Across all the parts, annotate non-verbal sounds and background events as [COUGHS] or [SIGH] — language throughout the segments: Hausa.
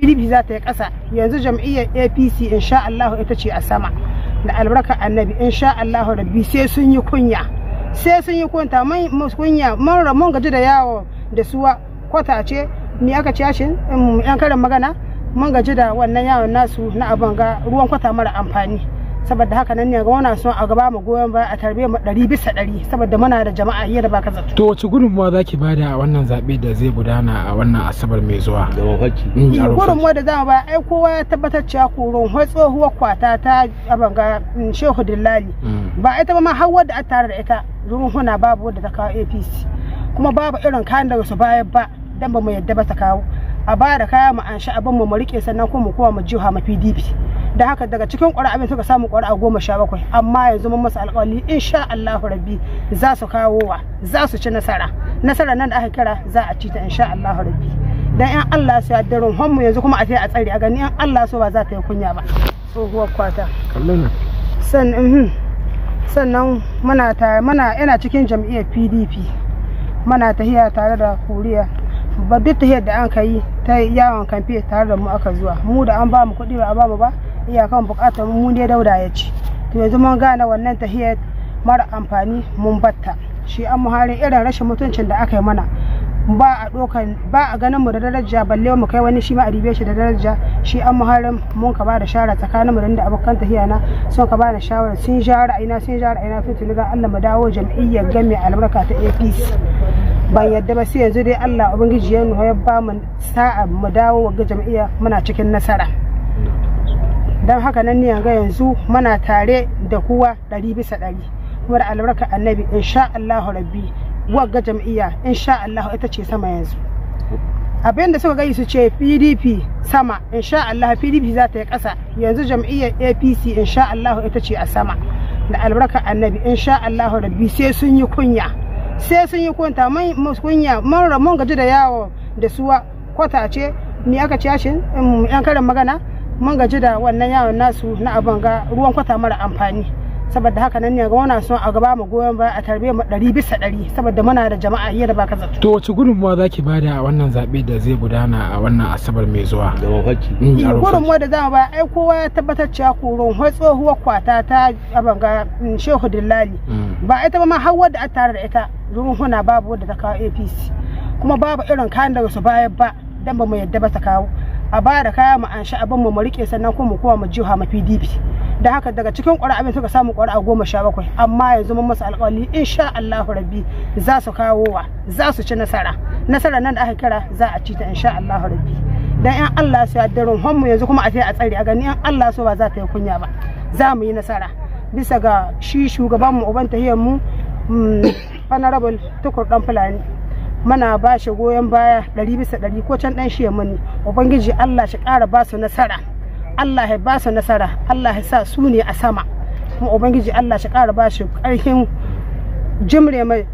pdp za ta yi ƙasa yanzu jam'iyyar apc sha allahu ita ce a sama da albarka annabi sha allahu rabbi sai sun yi kunya sai sun yi kunta kunya mun gaji da yawo da suwa kwata ce ni aka ci shi yan karin magana mun gaji da wannan yawon nasu na abin ga ruwan kwata mara amfani saboda haka nan ne ga muna so a gaba mu goyon baya a tarbe mu ɗari bisa ɗari saboda muna da jama'a iya da baka zato. to wace gudunmuwa za ki bada a wannan zaɓe da zai gudana a wannan asabar mai zuwa. da mafaki. Mm, gudunmuwa da zamu ba ai kowa ya tabbatar cewa koron hoi tsohuwar kwata ta abanga mm, shehu dillali mm. ba ita ba ma har da a tare da ita huna babu wanda ta kawo apc kuma babu irin kayan da su baya ba dan ba mu yadda ba ta kawo a bada da kaya mu an sha abin mu mu rike sannan kuma mu kowa mu jiha mu pdp da haka daga cikin ƙwara abin suka samu ƙwara goma sha bakwai amma yanzu mun masa alƙawari insha Allahu rabbi za su kawo wa za su ci nasara nasara nan da aka kira za a ci ta insha Allahu rabbi dan in Allah su ya daren mu yanzu kuma a tayi a tsari a gani in Allah so ba za ta yi kunya ba tsohuwar kwata sannan mhm. sannan muna ta muna ina cikin jam'iyyar PDP muna tahiya tare da Koriya ba duk tahiyar da an ka ta yawon kamfe tare da mu aka zuwa mu da an ba mu kuɗi ba a ba mu ba iyakan bukatar mu ne dauda ya ci to yanzu mun gane wannan tahiyar mara amfani mun batta shi an muhari irin rashin mutuncin da aka yi mana ba a dokan ba a ganin mu da daraja balle mu kai wani shi ma a ribe shi da daraja shi an muharin mun ka ba da shawara tsakanin mu da abokan tahiya na sun ka ba da shawara sun ja ra'ayina sun ja ra'ayina sun tuni ga Allah mu dawo jam'iyyar gami albarka ta APC ban yadda ba sai yanzu dai Allah ubangiji ya nuna ya ba mu sa'a mu dawo ga jam'iyya muna cikin nasara don haka nan ne ga yanzu muna tare da kowa ɗari bisa ɗari kuma da albarka annabi insha Allah rabbi wagga jam'iyya insha Allah ita ce sama yanzu abin da suka gani su ce PDP sama insha Allah PDP za ta yi ƙasa yanzu jam'iyyar APC insha Allah ita ce a sama da albarka annabi insha Allah rabbi sai sun yi kunya sai sun yi kunta mun kunya mun gaji da yawo da suwa kwata ce ni aka ciyashin yan karin magana mun gaji da wannan yawon nasu na abin ga ruwan kwata mara amfani saboda haka nan ne ga muna son a gaba mu goyon baya a tarbe mu ɗari bisa ɗari saboda muna da jama'a iya da baka zato. To wace gudunmuwa za ki bada a wannan zaɓe da zai gudana a wannan asabar mai zuwa? Mm, gudunmuwa da za mu baya ai kowa ya tabbatar cewa koron wai tsohuwar kwata ta ga mm, Shehu Dillali. Mm. Ba ita ba ma har wadda a tare da ita ruhuna babu wadda ta kawo APC. Kuma babu irin kayan da su baya ba dan ba mu yadda ba ta kawo. a ba da kaya ma an abin mu mu rike sannan kuma mu kowa mu jiha mu PDP da haka daga cikin abin suka samu ƙuri'a goma sha bakwai amma yanzu mun masa alƙawari insha Allah rabbi za su kawo wa za su ci nasara nasara nan da aka kira za a ci ta insha Allah rabbi dan yan Allah su yarda ruhun mu yanzu kuma a fiye a tsari a gani in Allah su ba za ta yi kunya ba za mu yi nasara bisa ga shi shugaban mu uban tahiyar mu mm, [COUGHS] honorable tukur dan fulani muna ba shi goyon baya ɗari bisa ɗari ko can dan shi ya mani ubangiji Allah shi ƙara ba su nasara Allah ya ba su nasara Allah ya sa su ne a sama kuma ubangiji Allah shi ƙara ba shi ƙarfin jimre mai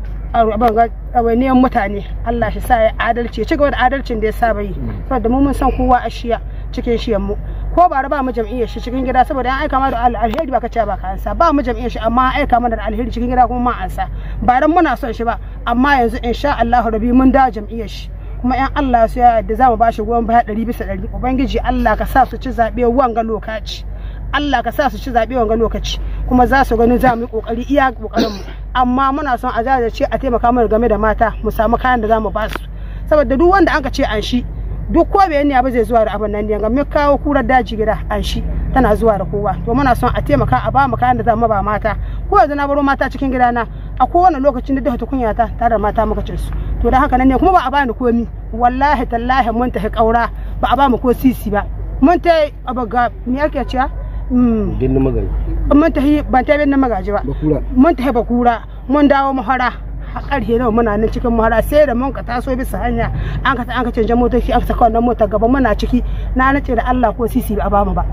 mutane Allah shi sa ya adalci ci gaba da adalcin da ya saba yi mm. saboda mu mun san kowa a shiya cikin ya mu ko bara ba mu jam'iyyar shi cikin gida saboda an aika ma alheri ba ka ce ba ka ansa ba mu jam'iyyar shi amma an aika mana da alheri cikin gida kuma ma ansa ba dan muna son shi ba amma yanzu insha Allah rabi mun da jam'iyyar shi kuma yan Allah su ya yarda za mu ba shi goyon baya ɗari bisa ɗari ubangiji Allah ka sa su ci zaɓe wanga lokaci Allah ka sa su ci zaɓe wanga lokaci kuma za su gani za mu yi ƙoƙari iya ƙoƙarin mu amma muna son a ce a taimaka mana game da mata mu samu kayan da za mu ba su saboda duk wanda an ka ce an shi duk ko bai ne ba zai zuwa da abin nan ne ga me kawo kura daji gida an shi tana zuwa da kowa to muna son a taimaka a ba mu kayan da za mu ba mata ko yanzu na baro mata cikin na a kowane lokacin da ta kunya ta tare da mata muka cin su to da haka nan ne kuma ba a bani komi wallahi tallahi mun ta kaura ba a ba mu ko sisi ba mun ta abaga me yake cewa mm. bin magaji mun tafi ban ta bin magaji ba mun tafi bakura mun dawo fara har ƙarfe muna nan cikin mahara sai da mun ka taso bisa hanya an ka an ka canja motoci an saka wannan motar gaba muna ciki na nace da Allah ko sisi ba mu ba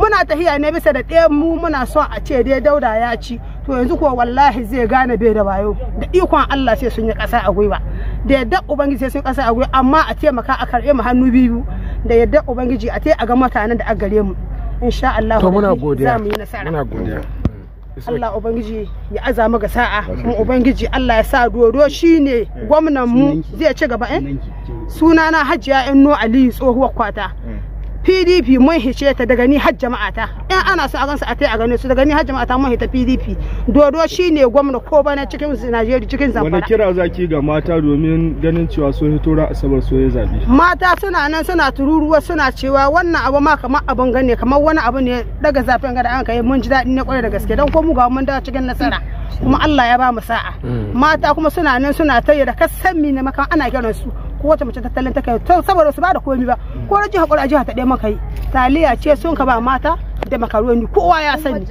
muna tahiya ne bisa da ɗayan mu muna so a ce dai dauda ya ci to yanzu ko wallahi zai gane bai da bayo da ikon Allah sai sun yi ƙasa a gwiwa da yadda ubangiji sai sun ƙasa a gwiwa amma a taimaka a karɓe mu hannu biyu da yadda ubangiji a taimaka a ga mutanen da a gare mu insha Allah to muna godiya muna godiya Allah Ubangiji ya azama ga sa'a kuma Ubangiji Allah ya sa dodo shine eh, gwamnan mu zai ci gaba eh sunana Hajiya Inno Ali tsohuwar kwata eh. PDP mun hice ta daga ni har jama'ata in ana so a gansu a tai a gane su daga ni har jama'ata mun hita PDP dodo shine gwamna ko bana cikin Najeriya cikin Zamfara wani kira zaki ga mata domin ganin cewa so hitora asabar so zabi mata suna nan suna tururuwa suna cewa wannan abu ma kamar abun gane kamar wani abu ne daga zafin gada an kai mun ji daɗi ne kwarai da gaske dan ko mu ga mun da cikin nasara kuma Allah ya ba mu sa'a mm. mata kuma suna nan suna tayar da kasan ne makan ana kiran su kowace mace tattalin ta kai saboda su ba da komi ba ko da jiha kwara jiha ta ɗaya maka taliya ce sun ka ba mata da makaroni kowa ya sani